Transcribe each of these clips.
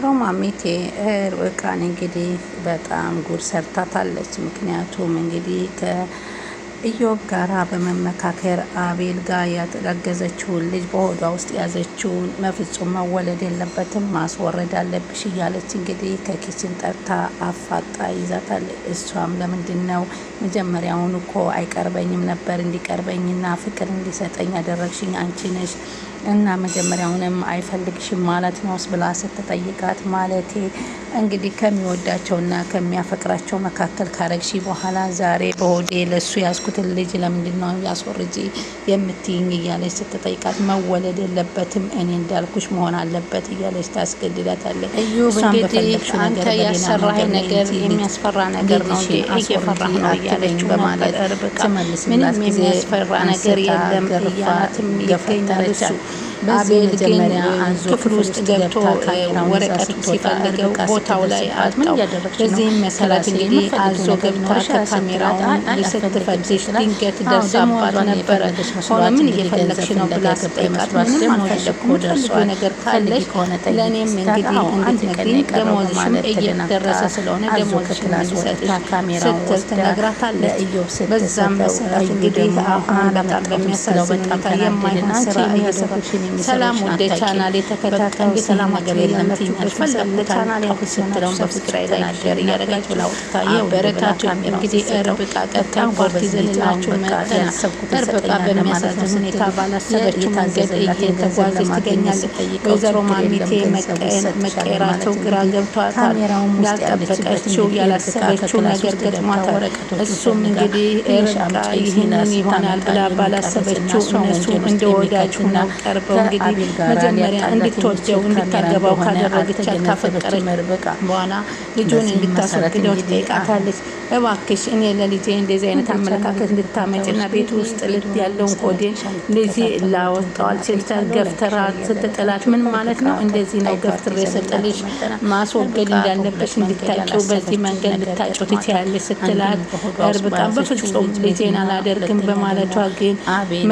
ወይዘሮ ማሚቴ ርብቃን እንግዲህ በጣም ጉድ ሰርታታለች። ምክንያቱም እንግዲህ ከኢዮብ ጋራ በመመካከር አቤል ጋር ያጠጋገዘችውን ልጅ በሆዷ ውስጥ ያዘችውን መፍጹም መወለድ የለበትም ማስወረድ አለብሽ እያለች እንግዲህ ከኪችን ጠርታ አፋጣ ይዛታለች። እሷም ለምንድን ነው መጀመሪያውን እኮ አይቀርበኝም ነበር እንዲቀርበኝና ፍቅር እንዲሰጠኝ ያደረግሽኝ አንቺ ነሽ እና መጀመሪያውንም አይፈልግሽም ማለት ነውስ ብላ ስትጠይቃት ማለቴ እንግዲህ ከሚወዳቸውና ከሚያፈቅራቸው መካከል ካረግሺ በኋላ ዛሬ በሆዴ ለሱ ያዝኩትን ልጅ ለምንድነው ያስወርጂ የምትይኝ እያለች ስትጠይቃት መወለድ የለበትም እኔ እንዳልኩሽ መሆን አለበት እያለች ታስገድዳታለች። አንተ ያሰራህ ነገር የሚያስፈራ ነገር ነው እየፈራህ ነው እያለች በማለት ርብቃ ምንም የሚያስፈራ ነገር የለም እያላትም ይገኛል እሱ በዚህ መጀመሪያ አንዞ ክፍል ውስጥ ገብቶ ወረቀቱ ሲፈልገው ቦታው ላይ አጣው። በዚህም መሰረት እንግዲህ አዞ ገብታ ከካሜራውን ስትፈትሽ ድንገት ደርሳባት ነበረ። ሆኖምን እየፈለግሽ ነው ብላ ስጠይቃት ምንም አልፈለኩም የምትፈልጊው ነገር ካለሽ ለእኔም እንግዲህ እንድትነግሪኝ ደሞዝሽም እየደረሰ ስለሆነ ደሞዝሽን እንሰጥሽ ስትል ትነግራታለች። በዛም መሰረት እንግዲህ አሁን በጣም በሚያሳዝን ሁኔታ የማይሆን ስራ እየሰራሽ ሰላም ወደ ቻናል የተከታታይ ሰላም ሀገር የለም ቻናል ስትለውን በፍቅር አይተናደር እያደረጋችሁ ሁኔታ መንገድ ወይዘሮ ማሚቴ መቀየራቸው ግራ ገብቷታል። ያልጠበቀችው ያላሰበችው ነገር ገጥሟታል። እሱም እንግዲህ ይህንን ይሆናል ብላ ባላሰበችው እነሱ እንደ ቀርበው እንግዲህ መጀመሪያ እንድትወደው እንድታገባው ካደረገቻት ካፈቀረች በኋላ ልጁን እንድታስወግደው ትጠይቃታለች። እባክሽ እኔ ለልጄ እንደዚህ አይነት አመለካከት እንድታመጭና ቤት ውስጥ ልት ያለውን ኮዴ ልጄ ላወጣዋል ስልተ ገፍተራ ስትጥላት ምን ማለት ነው? እንደዚህ ነው ገፍትሬ ስጥልሽ ማስወገድ እንዳለበሽ እንድታቂው በዚህ መንገድ ልታጭው ትችያለሽ ስትላት እርብቃ በፍጹም ልጄን አላደርግም በማለቷ ግን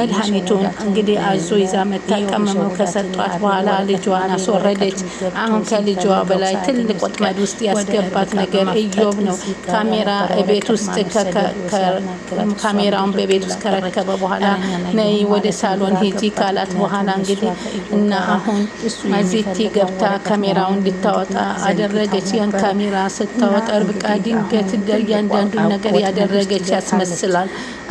መድኃኒቱን እንግዲህ አዞ ይዛ መታቀ አስቀምመው ከሰጧት በኋላ ልጇን አስወረደች። አሁን ከልጇ በላይ ትልቅ ወጥመድ ውስጥ ያስገባት ነገር እዮብ ነው። ካሜራ ቤት ውስጥ ካሜራውን በቤት ውስጥ ከረከበ በኋላ ነይ ወደ ሳሎን ሂጂ ካላት በኋላ እንግዲህ እና አሁን አዜቲ ገብታ ካሜራውን ልታወጣ አደረገች። ያን ካሜራ ስታወጣ እርብቃ ድንገት እያንዳንዱን ነገር ያደረገች ያስመስላል።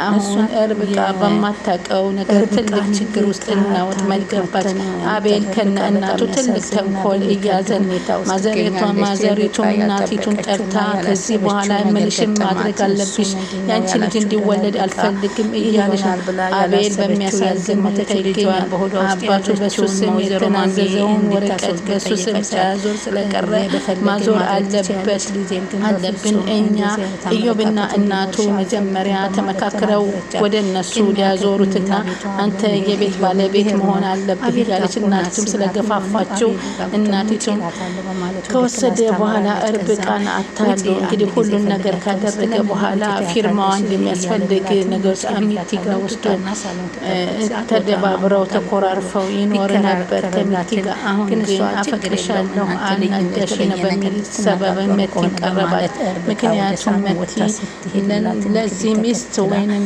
አሁን እርብቃ በማታውቀው ነገር ትልቅ ችግር ውስጥ እና ወጥመድ ገባች። አቤል ከነ እናቱ ትልቅ ተንኮል እያዘን ማዘሬቷን ማዘሬቱም እናቲቱን ጠርታ ከዚህ በኋላ መልሽን ማድረግ አለብሽ፣ ያንቺ ልጅ እንዲወለድ አልፈልግም እያለች አቤል በሚያሳዝን ሁኔታ ይገኛል። አባቱ በሱ ስም የተናዘዘውን ወረቀት በሱ ስም ሳያዞር ስለቀረ ማዞር አለበት አለብን። እኛ ኢዮብና እናቱ መጀመሪያ ተመካክረው ወደ እነሱ ሊያዞሩትና አንተ የቤት ባለቤት መሆን መሆናል አለብህ እያለች እናትም ስለገፋፋቸው እናቲቱም ከወሰደ በኋላ እርብቃን አታሉ እንግዲህ ሁሉን ነገር ካደረገ በኋላ ፊርማዋ እንደሚያስፈልግ ነገር ከሚቲ ጋር ወስዶ ተደባብረው ተኮራርፈው ይኖር ነበር። ከሚቲ ጋር አሁን ግን አፈቅርሻለሁ አናደሽ ነው በሚል ሰበብ መቲ ቀረባት። ምክንያቱም መቲ ለዚህ ሚስት ወይንም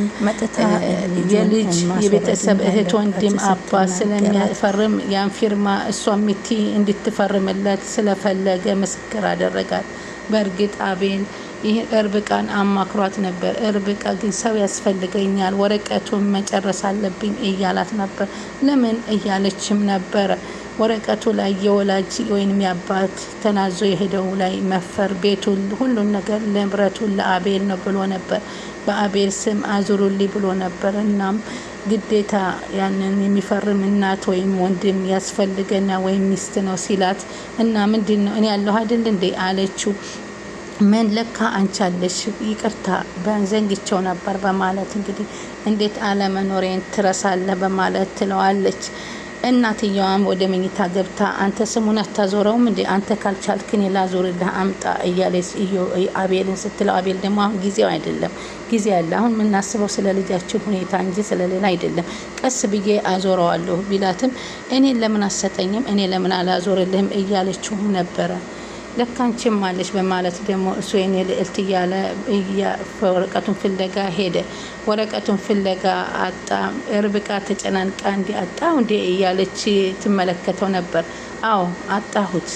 የልጅ የቤተሰብ እህት ወንድም አባ ስለሚ እንዳትፈርም ያን ፊርማ እሷ ሚቲ እንድትፈርምለት ስለፈለገ ምስክር አደረጋት። በእርግጥ አቤል ይህን እርብቃን አማክሯት ነበር። እርብቃ ግን ሰው ያስፈልገኛል፣ ወረቀቱን መጨረስ አለብኝ እያላት ነበር። ለምን እያለችም ነበረ። ወረቀቱ ላይ የወላጅ ወይንም ያባት ተናዞ የሄደው ላይ መፈር ቤቱን፣ ሁሉን ነገር ንብረቱን ለአቤል ነው ብሎ ነበር። በአቤል ስም አዙሩልኝ ብሎ ነበር እናም ግዴታ ያንን የሚፈርም እናት ወይም ወንድም ያስፈልገና ወይም ሚስት ነው ሲላት እና ምንድን ነው እኔ ያለሁ አይደል እንዴ አለችው። ምን ለካ አንቻለሽ ይቅርታ በዘንግቸው ነበር በማለት እንግዲህ እንዴት አለመኖሬን ትረሳለ በማለት ትለዋለች። እናትየዋም ወደ መኝታ ገብታ አንተ ስሙን አታዞረውም እንዴ? አንተ ካልቻልክን እኔ ላዞርልህ አምጣ እያለች አቤልን ስትለው፣ አቤል ደግሞ አሁን ጊዜው አይደለም፣ ጊዜ አለ። አሁን የምናስበው ስለ ልጃችን ሁኔታ እንጂ ስለሌላ አይደለም። ቀስ ብዬ አዞረዋለሁ ቢላትም እኔን ለምን አሰጠኝም፣ እኔ ለምን አላዞርልህም እያለችውም ነበረ። ለካንቺም አለች በማለት ደግሞ እሱ የኔ ልዕልት እያለ ወረቀቱን ፍለጋ ሄደ። ወረቀቱን ፍለጋ አጣ። ርብቃ ተጨናንቃ እንዲ አጣው እንዲ እያለች ትመለከተው ነበር። አዎ አጣሁት፣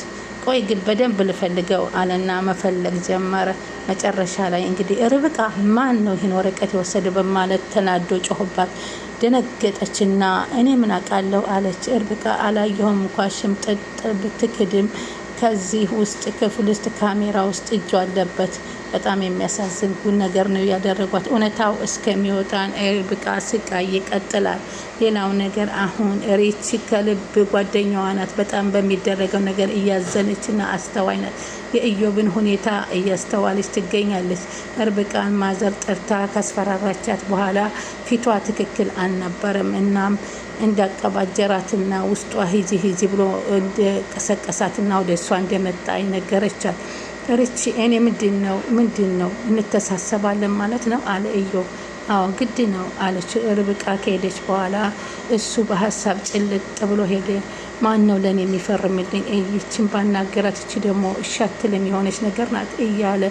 ቆይ ግን በደንብ ልፈልገው አለና መፈለግ ጀመረ። መጨረሻ ላይ እንግዲህ ርብቃ ማን ነው ይህን ወረቀት የወሰደ በማለት ተናዶ ጮኸባት። ደነገጠችና እኔ ምን አውቃለሁ አለች ርብቃ። አላየሁም እንኳ ሽምጥጥ ብትክድም ከዚህ ውስጥ ክፍል ውስጥ ካሜራ ውስጥ እጁ አለበት። በጣም የሚያሳዝን ነገር ነው ያደረጓት። እውነታው እስከሚወጣን ርብቃ ስቃይ ይቀጥላል። ሌላው ነገር አሁን ሪቺ ከልብ ጓደኛዋ ናት። በጣም በሚደረገው ነገር እያዘነችና አስተዋይ ናት። የኢዮብን ሁኔታ እያስተዋለች ትገኛለች። እርብቃን ማዘር ጠርታ ካስፈራራቻት በኋላ ፊቷ ትክክል አልነበረም። እናም እንዳቀባጀራትና ውስጧ ሂጂ ሂጂ ብሎ እንደቀሰቀሳትና ወደ እሷ እንደመጣ ይነገረቻል። ርቺ እኔ ምንድን ነው ምንድን ነው እንተሳሰባለን ማለት ነው አለ እዮብ። አዎ ግድ ነው አለች ርብቃ። ከሄደች በኋላ እሱ በሀሳብ ጭልጥ ብሎ ሄደ። ማን ነው ለእኔ የሚፈርምልኝ? ይችን ባናገራት እቺ ደግሞ እሻትልም የሆነች ነገር ናት እያለ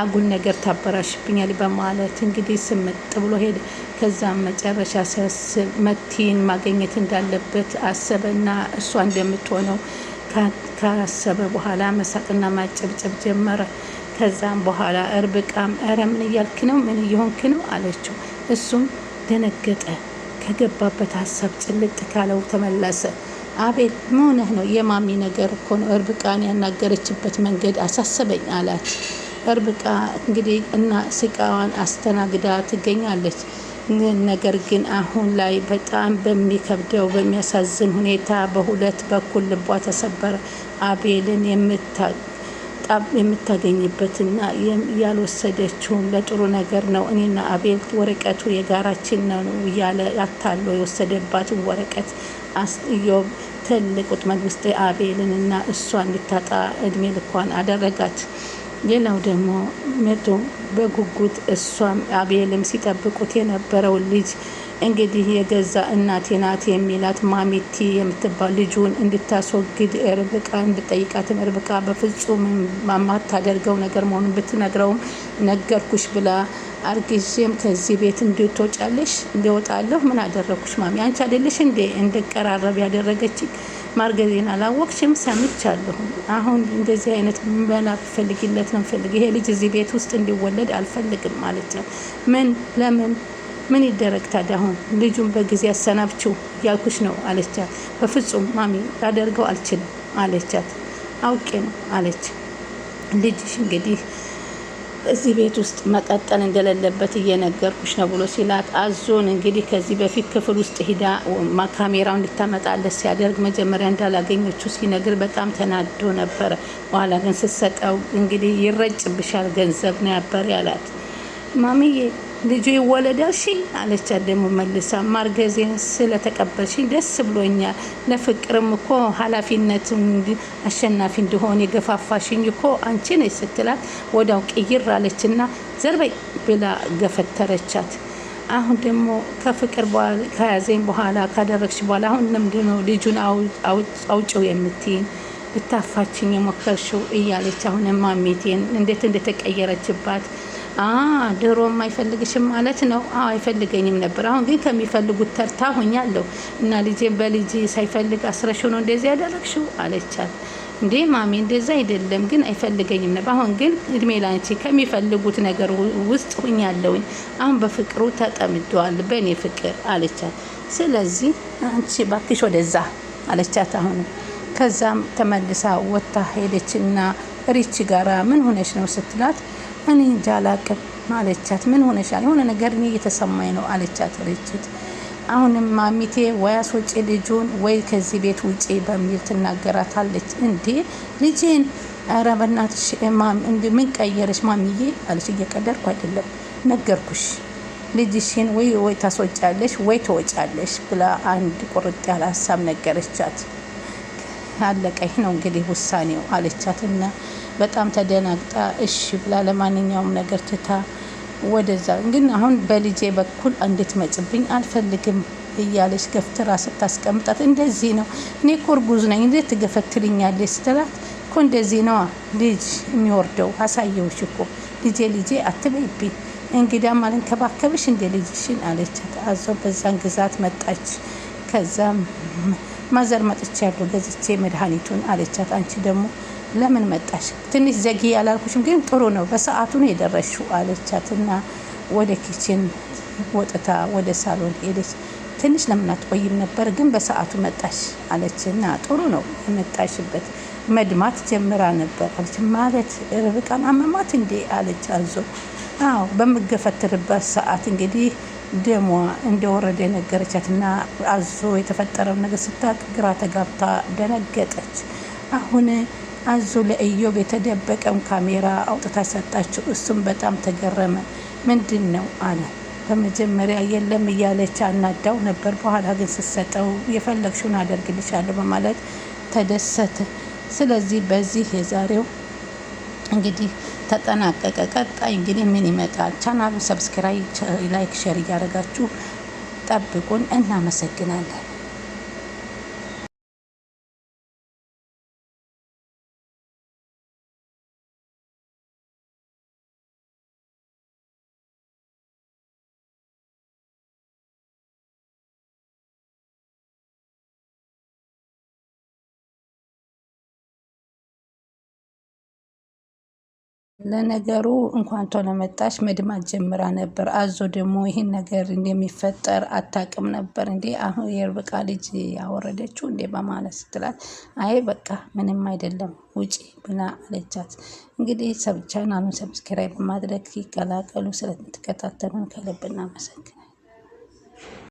አጉል ነገር ታበራሽብኛል በማለት እንግዲህ ስምጥ ብሎ ሄደ። ከዛም መጨረሻ መቲን ማገኘት እንዳለበት አሰበና እሷ እንደምትሆነው ካሰበ በኋላ መሳቅና ማጨብጨብ ጀመረ። ከዛም በኋላ እርብቃም እረ ምን እያልክ ነው? ምን እየሆንክ ነው? አለችው። እሱም ደነገጠ። ከገባበት ሀሳብ ጭልጥ ካለው ተመለሰ። አቤል መሆነህ ነው? የማሚ ነገር እኮ ነው። እርብቃን ያናገረችበት መንገድ አሳሰበኝ አላት። እርብቃ እንግዲህ እና ስቃዋን አስተናግዳ ትገኛለች። ነገር ግን አሁን ላይ በጣም በሚከብደው በሚያሳዝን ሁኔታ በሁለት በኩል ልቧ ተሰበረ። አቤልን የምታገኝበትና ያልወሰደችውም ለጥሩ ነገር ነው። እኔና አቤል ወረቀቱ የጋራችን ነው እያለ አታሎ የወሰደባትን ወረቀት አስጥዮ ትልቁ መንግስት አቤልን እና እሷ እንድታጣ እድሜ ልኳን አደረጋት። ሌላው ደግሞ መቶ በጉጉት እሷም አቤልም ሲጠብቁት የነበረው ልጅ እንግዲህ የገዛ እናቴ ናት የሚላት ማሚቲ የምትባል ልጁን እንድታስወግድ ርብቃ እንድጠይቃትም ርብቃ በፍጹም ማታደርገው ነገር መሆኑን ብትነግረውም ነገርኩሽ ብላ አርግዤም ከዚህ ቤት እንድትወጫለሽ እንዲወጣለሁ ምን አደረግኩሽ ማሚ አንቺ አይደለሽ እንዴ እንደቀራረብ ያደረገች ማርገዜን አላወቅሽም ሰምቻለሁ አሁን እንደዚህ አይነት መላ ፈልጊለት ነው ፈልግ ይሄ ልጅ እዚህ ቤት ውስጥ እንዲወለድ አልፈልግም ማለት ነው ምን ለምን ምን ይደረግ ታዲያ? አሁን ልጁን በጊዜ ያሰናብችው ያልኩሽ ነው አለቻት። በፍጹም ማሚ ላደርገው አልችልም አለቻት። አውቄ ነው አለች። ልጅሽ እንግዲህ እዚህ ቤት ውስጥ መቀጠል እንደሌለበት እየነገርኩሽ ነው ብሎ ሲላት፣ አዞን እንግዲህ ከዚህ በፊት ክፍል ውስጥ ሂዳ ካሜራው እንድታመጣለት ሲያደርግ መጀመሪያ እንዳላገኘችው ሲነግር በጣም ተናዶ ነበረ። በኋላ ግን ስትሰጠው እንግዲህ ይረጭብሻል ገንዘብ ነው ያበር ያላት ማሚዬ ልጁ ይወለዳል ሺ አለቻት። ደግሞ መልሳ ማርገዜን ስለተቀበልሽኝ ደስ ብሎኛል። ለፍቅርም እኮ ኃላፊነት አሸናፊ እንዲሆን የገፋፋሽኝ እኮ አንቺ ነች ስትላት ወዳው ቅይር አለችና ዘርበይ ብላ ገፈተረቻት። አሁን ደግሞ ከፍቅር ከያዘኝ በኋላ ካደረግሽ በኋላ አሁን ነው ልጁን አውጭው የምትይኝ? ብታፋችኝ የሞከርሽው እያለች አሁን ማሜቴን እንዴት እንደተቀየረችባት ድሮ አይፈልግሽም ማለት ነው? አዎ አይፈልገኝም ነበር። አሁን ግን ከሚፈልጉት ተርታ ሆኛለሁ እና ልጄን በልጅ ሳይፈልግ አስረሽው ነው እንደዚህ ያደረግሽው አለቻት። እንዴ ማሚ እንደዛ አይደለም፣ ግን አይፈልገኝም ነበር። አሁን ግን እድሜ ላንቺ ከሚፈልጉት ነገር ውስጥ ሁኛለውኝ። አሁን በፍቅሩ ተጠምደዋል፣ በእኔ ፍቅር አለቻት። ስለዚህ አንቺ ባክሽ ወደዛ አለቻት። አሁን ከዛም ተመልሳ ወጥታ ሄደችና ሪች ጋራ ምን ሆነች ነው ስትላት እኔ እንጃ አላቅም አለቻት። ምን ሆነሻል? የሆነ ነገር እኔ እየተሰማኝ ነው አለቻት ርችት። አሁንም ማሚቴ ወይ አስወጪ ልጁን ወይ ከዚህ ቤት ውጪ በሚል ትናገራታለች። እንዴ ልጄን ኧረ በእናትሽ ምን ቀየረሽ ማሚዬ አለች። እየቀደርኩ አይደለም ነገርኩሽ ልጅሽን ወይ ወይ ታስወጫለሽ ወይ ትወጫለሽ ብላ አንድ ቁርጥ ያለ ሀሳብ ነገረቻት። አለቀኝ ነው እንግዲህ ውሳኔው አለቻትና በጣም ተደናግጣ እሺ ብላ ለማንኛውም ነገር ትታ ወደዛ ግን አሁን በልጄ በኩል እንድትመጭብኝ አልፈልግም እያለች ገፍትራ ስታስቀምጣት እንደዚህ ነው እኔ እኮ እርጉዝ ነኝ እንዴት ትገፈትልኛለች ስትላት እኮ እንደዚህ ነዋ ልጅ የሚወርደው አሳየውሽ እኮ ልጄ ልጄ አትበይብኝ እንግዳም አልንከባከብሽ እንደ ልጅሽን አለቻት አዞ በዛን ግዛት መጣች ከዛ ማዘር መጥቻ ያለው ገዝቼ መድኃኒቱን አለቻት አንቺ ደግሞ ለምን መጣሽ? ትንሽ ዘጊ ያላልኩሽም ግን ጥሩ ነው በሰዓቱ ነው የደረሽው አለቻትና ወደ ኪችን ወጥታ ወደ ሳሎን ሄደች። ትንሽ ለምን አትቆይም ነበር ግን በሰዓቱ መጣሽ አለችና ጥሩ ነው የመጣሽበት። መድማት ጀምራ ነበር አለች። ማለት ርብቃን አመማት እንዴ አለች አዞ። አዎ በምገፈትርበት ሰዓት እንግዲህ ደሟ እንደወረደ ነገረቻት እና አዞ የተፈጠረው ነገር ስታቅ ግራ ተጋብታ ደነገጠች። አሁን አዞ ለኢዮብ የተደበቀም ካሜራ አውጥታ ሰጣችው። እሱም በጣም ተገረመ። ምንድን ነው አለ። በመጀመሪያ የለም እያለች አናዳው ነበር። በኋላ ግን ስትሰጠው የፈለግሽውን አደርግልሻለሁ በማለት ተደሰተ። ስለዚህ በዚህ የዛሬው እንግዲህ ተጠናቀቀ። ቀጣይ እንግዲህ ምን ይመጣል? ቻናሉ ሰብስክራይብ፣ ላይክ፣ ሼር እያደረጋችሁ ጠብቁን። እናመሰግናለን። ለነገሩ እንኳን ቶሎ መጣሽ፣ መድማት ጀምራ ነበር። አዞ ደግሞ ይህን ነገር እንደሚፈጠር አታውቅም ነበር እንዴ አሁን የርብቃ ልጅ ያወረደችው እንዴ በማለት ስትላት፣ አይ በቃ ምንም አይደለም ውጪ ብላ አለቻት። እንግዲህ ሰብቻን አሁን ሰብስክራይብ በማድረግ ይቀላቀሉ። ስለምትከታተሉን ከልብ እናመሰግናለን።